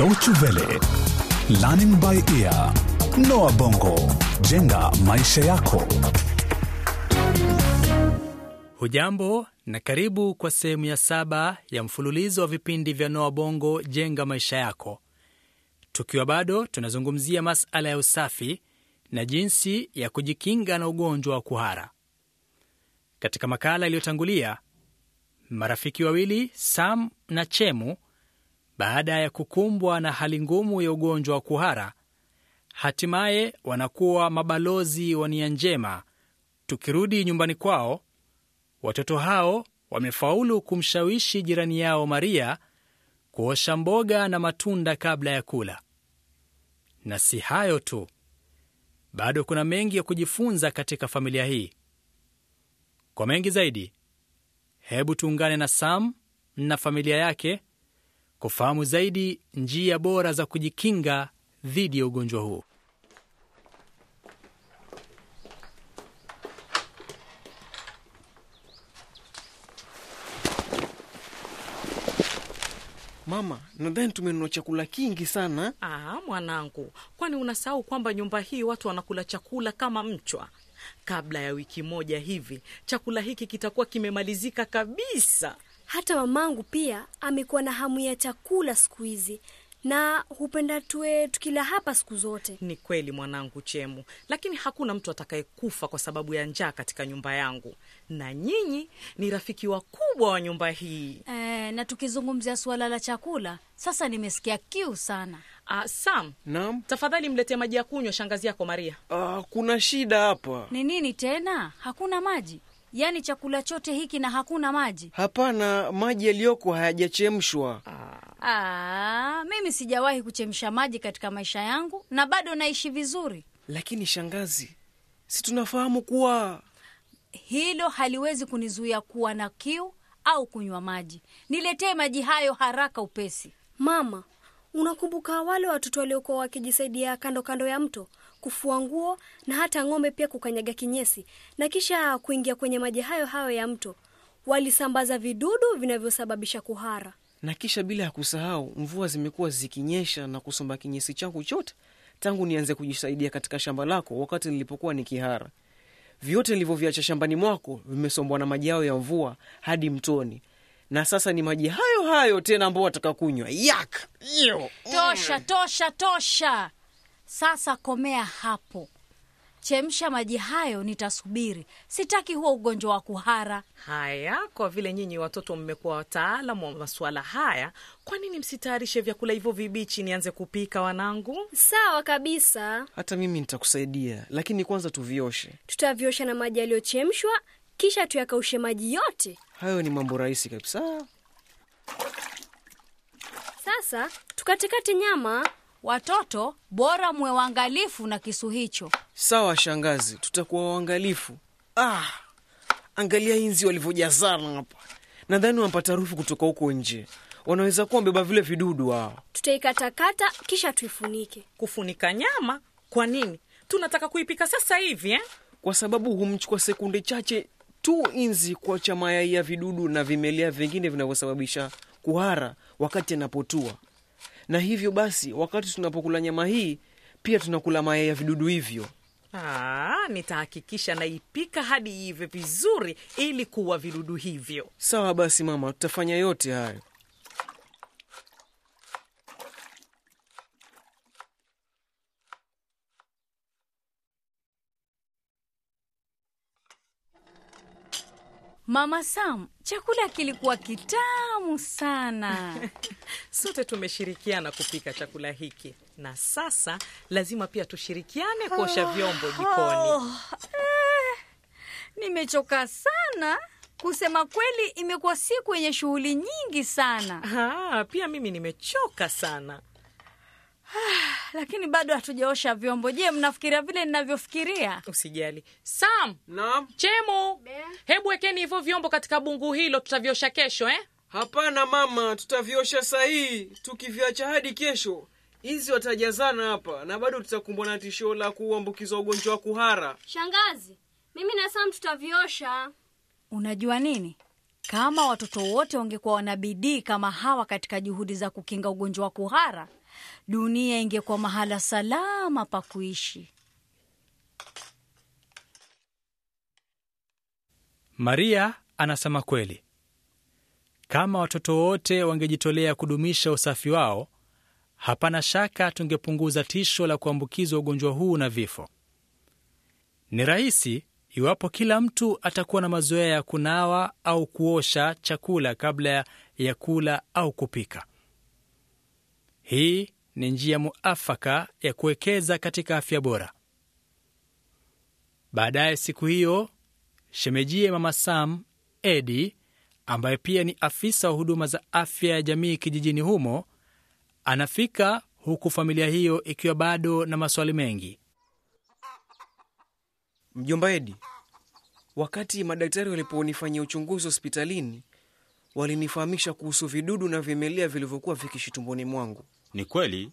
Welle, Learning by Ear, Noah Bongo, jenga maisha yako. Hujambo na karibu kwa sehemu ya saba ya mfululizo wa vipindi vya Noah Bongo, jenga maisha yako, tukiwa bado tunazungumzia masala ya usafi na jinsi ya kujikinga na ugonjwa wa kuhara. Katika makala iliyotangulia, marafiki wawili Sam na Chemu baada ya kukumbwa na hali ngumu ya ugonjwa wa kuhara, hatimaye wanakuwa mabalozi wa nia njema. Tukirudi nyumbani kwao, watoto hao wamefaulu kumshawishi jirani yao Maria kuosha mboga na matunda kabla ya kula. Na si hayo tu, bado kuna mengi ya kujifunza katika familia hii. Kwa mengi zaidi, hebu tuungane na Sam na familia yake kufahamu zaidi njia bora za kujikinga dhidi ya ugonjwa huo. Mama, nadhani tumenunua chakula kingi sana. Aa, ah, mwanangu, kwani unasahau kwamba nyumba hii watu wanakula chakula kama mchwa? Kabla ya wiki moja hivi chakula hiki kitakuwa kimemalizika kabisa. Hata mamangu pia amekuwa na hamu ya chakula siku hizi na hupenda tuwe tukila hapa siku zote. Ni kweli mwanangu Chemu, lakini hakuna mtu atakayekufa kwa sababu ya njaa katika nyumba yangu, na nyinyi ni rafiki wakubwa wa nyumba hii e. Na tukizungumzia suala la chakula sasa, nimesikia kiu sana. Uh, Sam, naam, tafadhali mletee maji ya kunywa shangazi yako Maria. Uh, kuna shida hapa. Ni nini tena? Hakuna maji? Yaani chakula chote hiki na hakuna maji? Hapana, maji yaliyoko hayajachemshwa. Ah. Ah, mimi sijawahi kuchemsha maji katika maisha yangu na bado naishi vizuri. Lakini shangazi, si tunafahamu kuwa hilo haliwezi kunizuia kuwa na kiu au kunywa maji. Niletee maji hayo haraka upesi. Mama, unakumbuka wale watoto waliokuwa wakijisaidia kando kando ya mto kufua nguo na hata ng'ombe pia kukanyaga kinyesi na kisha kuingia kwenye maji hayo hayo ya mto. Walisambaza vidudu vinavyosababisha kuhara. Na kisha bila ya kusahau, mvua zimekuwa zikinyesha na kusomba kinyesi changu chote tangu nianze kujisaidia katika shamba lako wakati nilipokuwa nikihara. Vyote nilivyoviacha shambani mwako vimesombwa na maji hayo ya mvua hadi mtoni, na sasa ni maji hayo hayo tena ambao wataka kunywa. Yak! Tosha, tosha, tosha! Sasa komea hapo, chemsha maji hayo, nitasubiri. Sitaki huo ugonjwa wa kuhara. Haya, kwa vile nyinyi watoto mmekuwa wataalamu wa masuala haya, kwa nini msitayarishe vyakula hivyo vibichi nianze kupika, wanangu? Sawa kabisa, hata mimi nitakusaidia, lakini kwanza tuvioshe. Tutaviosha na maji yaliyochemshwa, kisha tuyakaushe maji yote. Hayo ni mambo rahisi kabisa. Sasa tukatekate nyama Watoto bora mwe waangalifu na kisu hicho. Sawa shangazi, tutakuwa waangalifu. Ah, angalia inzi walivyojazana hapa. Nadhani wampata harufu kutoka huko nje, wanaweza kuwa wamebeba vile vidudu hao. Tutaikatakata kisha tuifunike. Kufunika nyama? Kwa nini tunataka kuipika sasa hivi eh? Kwa sababu humchukua sekunde chache tu inzi kuacha mayai ya vidudu na vimelea vingine vinavyosababisha kuhara wakati anapotua na hivyo basi, wakati tunapokula nyama hii pia tunakula mayai ya vidudu hivyo. Ah, nitahakikisha naipika hadi ive vizuri ili kuwa vidudu hivyo. Sawa basi mama, tutafanya yote hayo. Mama Sam, Chakula kilikuwa kitamu sana. Sote tumeshirikiana kupika chakula hiki, na sasa lazima pia tushirikiane kuosha oh, vyombo jikoni. Oh, eh, nimechoka sana kusema kweli, imekuwa siku yenye shughuli nyingi sana. ha, ah, pia mimi nimechoka sana. Ah, lakini bado hatujaosha vyombo. Je, mnafikiria vile ninavyofikiria? Usijali Sam. Naam. Chemo, hebu wekeni hivyo vyombo katika bungu hilo, tutavyosha kesho eh? Hapana mama, tutavyosha sahii, tukiviacha hadi kesho hizi watajazana hapa na bado tutakumbwa na tishio la kuambukiza ugonjwa wa kuhara. Shangazi, mimi na Sam tutaviosha. Unajua nini, kama watoto wote wangekuwa wanabidii kama hawa katika juhudi za kukinga ugonjwa wa kuhara dunia ingekuwa mahala salama pa kuishi. Maria anasema kweli, kama watoto wote wangejitolea kudumisha usafi wao, hapana shaka tungepunguza tisho la kuambukizwa ugonjwa huu na vifo. Ni rahisi iwapo kila mtu atakuwa na mazoea ya kunawa au kuosha chakula kabla ya kula au kupika. Hii ni njia muafaka ya kuwekeza katika afya bora. Baadaye siku hiyo, shemejie Mama Sam Edi, ambaye pia ni afisa wa huduma za afya ya jamii kijijini humo, anafika huku familia hiyo ikiwa bado na maswali mengi. Mjomba Edi, wakati madaktari waliponifanyia uchunguzi hospitalini walinifahamisha kuhusu vidudu na vimelea vilivyokuwa vikishi tumboni mwangu. Ni kweli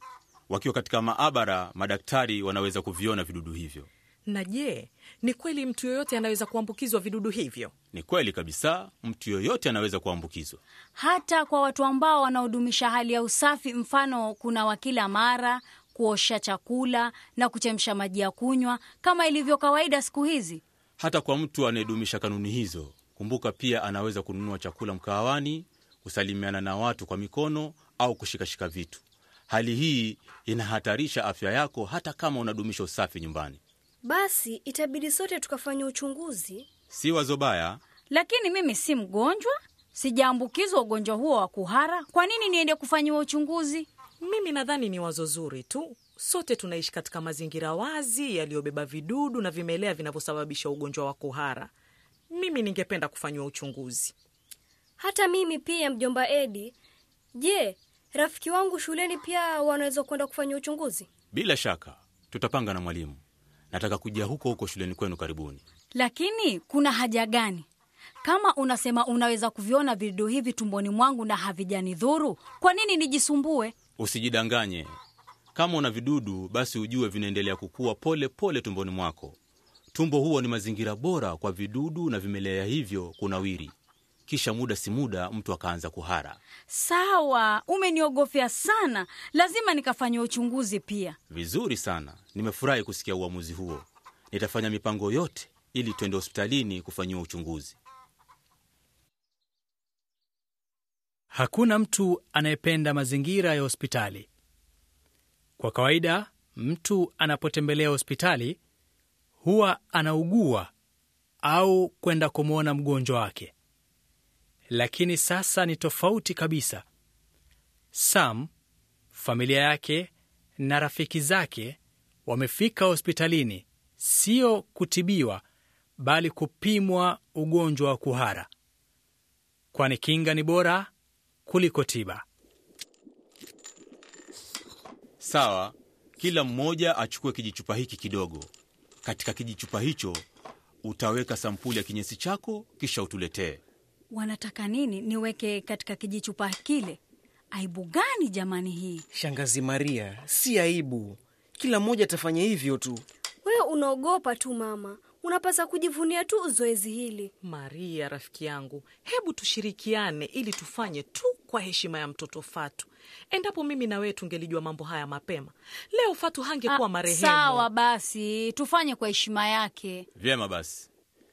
wakiwa katika maabara madaktari wanaweza kuviona vidudu hivyo. Na je, ni kweli mtu yoyote anaweza kuambukizwa vidudu hivyo? Ni kweli kabisa, mtu yoyote anaweza kuambukizwa, hata kwa watu ambao wanaodumisha hali ya usafi. Mfano, wa kila mara, kuosha chakula na kuchemsha maji ya kunywa kama ilivyo kawaida siku hizi. Hata kwa mtu anayedumisha kanuni hizo, Kumbuka pia anaweza kununua chakula mkahawani, kusalimiana na watu kwa mikono au kushikashika vitu. Hali hii inahatarisha afya yako hata kama unadumisha usafi nyumbani. Basi itabidi sote tukafanya uchunguzi. Si wazo baya, lakini mimi si mgonjwa, sijaambukizwa ugonjwa huo wa kuhara. Kwa nini niende kufanyiwa uchunguzi? Mimi nadhani ni wazo zuri tu. Sote tunaishi katika mazingira wazi yaliyobeba vidudu na vimelea vinavyosababisha ugonjwa wa kuhara mimi ningependa kufanyiwa uchunguzi. Hata mimi pia, mjomba Edi. Je, rafiki wangu shuleni pia wanaweza kwenda kufanya uchunguzi? Bila shaka tutapanga na mwalimu. Nataka kuja huko huko shuleni kwenu karibuni. Lakini kuna haja gani? Kama unasema unaweza kuviona vidudu hivi tumboni mwangu na havijani dhuru kwa nini nijisumbue? Usijidanganye. Kama una vidudu, basi ujue vinaendelea kukua pole pole tumboni mwako Tumbo huo ni mazingira bora kwa vidudu na vimelea hivyo kunawiri. Kisha muda si muda mtu akaanza kuhara. Sawa, umeniogofya sana, lazima nikafanya uchunguzi pia. Vizuri sana, nimefurahi kusikia uamuzi huo. Nitafanya mipango yote ili tuende hospitalini kufanyiwa uchunguzi. Hakuna mtu anayependa mazingira ya hospitali. Kwa kawaida, mtu anapotembelea hospitali huwa anaugua au kwenda kumwona mgonjwa wake, lakini sasa ni tofauti kabisa. Sam, familia yake na rafiki zake wamefika hospitalini, sio kutibiwa, bali kupimwa ugonjwa wa kuhara, kwani kinga ni bora kuliko tiba. Sawa, kila mmoja achukue kijichupa hiki kidogo katika kijichupa hicho utaweka sampuli ya kinyesi chako kisha utuletee. Wanataka nini niweke katika kijichupa kile? Aibu gani jamani hii! Shangazi Maria, si aibu, kila mmoja atafanya hivyo tu. Wewe unaogopa tu mama, unapasa kujivunia tu zoezi hili. Maria rafiki yangu, hebu tushirikiane ili tufanye tu kwa heshima ya mtoto Fatu. Endapo mimi na wewe tungelijua mambo haya mapema, leo Fatu hangekuwa ah, marehemu. Sawa basi, tufanye kwa heshima yake. Vyema basi,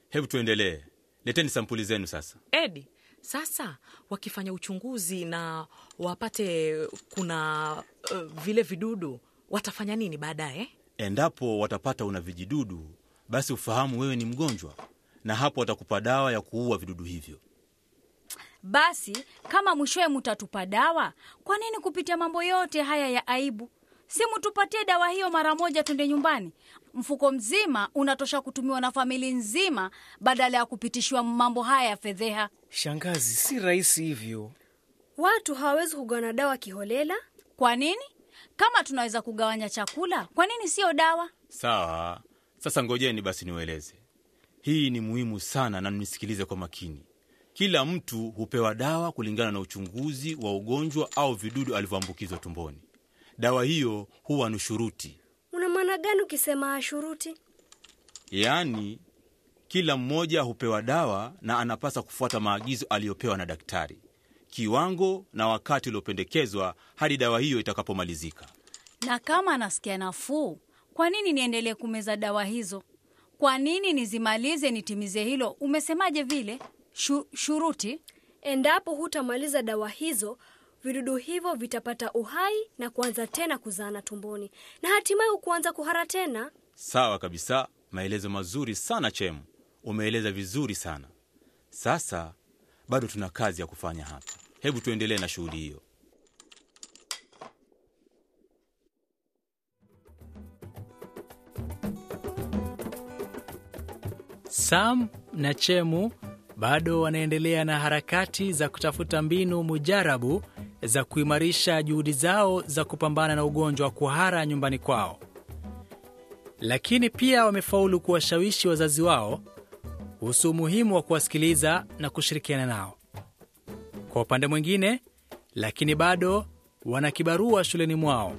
hebu tuendelee. Leteni sampuli zenu sasa. Edi, sasa wakifanya uchunguzi na wapate kuna uh, vile vidudu watafanya nini baadaye? Endapo watapata una vijidudu, basi ufahamu wewe ni mgonjwa, na hapo watakupa dawa ya kuua vidudu hivyo. Basi kama mwishowe mutatupa dawa, kwa nini kupitia mambo yote haya ya aibu? Si mutupatie dawa hiyo mara moja, twende nyumbani. Mfuko mzima unatosha kutumiwa na famili nzima, badala ya kupitishiwa mambo haya ya fedheha. Shangazi, si rahisi hivyo. Watu hawawezi kugawana dawa kiholela. Kwa nini? Kama tunaweza kugawanya chakula, kwa nini siyo dawa? Sawa, sasa ngojeni basi niweleze Hii ni muhimu sana, na mnisikilize kwa makini. Kila mtu hupewa dawa kulingana na uchunguzi wa ugonjwa au vidudu alivyoambukizwa tumboni. Dawa hiyo huwa ni shuruti. Una maana gani ukisema shuruti? Yaani kila mmoja hupewa dawa na anapasa kufuata maagizo aliyopewa na daktari, kiwango na wakati uliopendekezwa hadi dawa hiyo itakapomalizika. Na kama anasikia nafuu, kwa nini niendelee kumeza dawa hizo? Kwa nini nizimalize nitimize hilo? Umesemaje vile? shu, shuruti endapo hutamaliza dawa hizo vidudu hivyo vitapata uhai na kuanza tena kuzaana tumboni na hatimaye kuanza kuhara tena sawa kabisa maelezo mazuri sana chemu umeeleza vizuri sana sasa bado tuna kazi ya kufanya hapa hebu tuendelee na shughuli hiyo sam na chemu bado wanaendelea na harakati za kutafuta mbinu mujarabu za kuimarisha juhudi zao za kupambana na ugonjwa wa kuhara nyumbani kwao, lakini pia wamefaulu kuwashawishi wazazi wao kuhusu umuhimu wa kuwasikiliza na kushirikiana nao. Kwa upande mwingine, lakini bado wana kibarua shuleni mwao,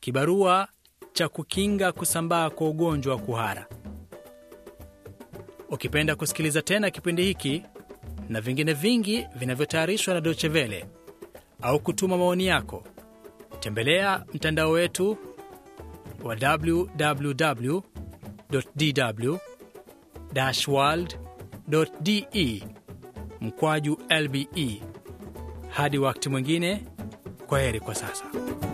kibarua cha kukinga kusambaa kwa ugonjwa wa kuhara. Ukipenda kusikiliza tena kipindi hiki na vingine vingi vinavyotayarishwa na Dochevele au kutuma maoni yako, tembelea mtandao wetu wa www dw world de mkwaju lbe. Hadi wakati mwingine, kwa heri kwa sasa.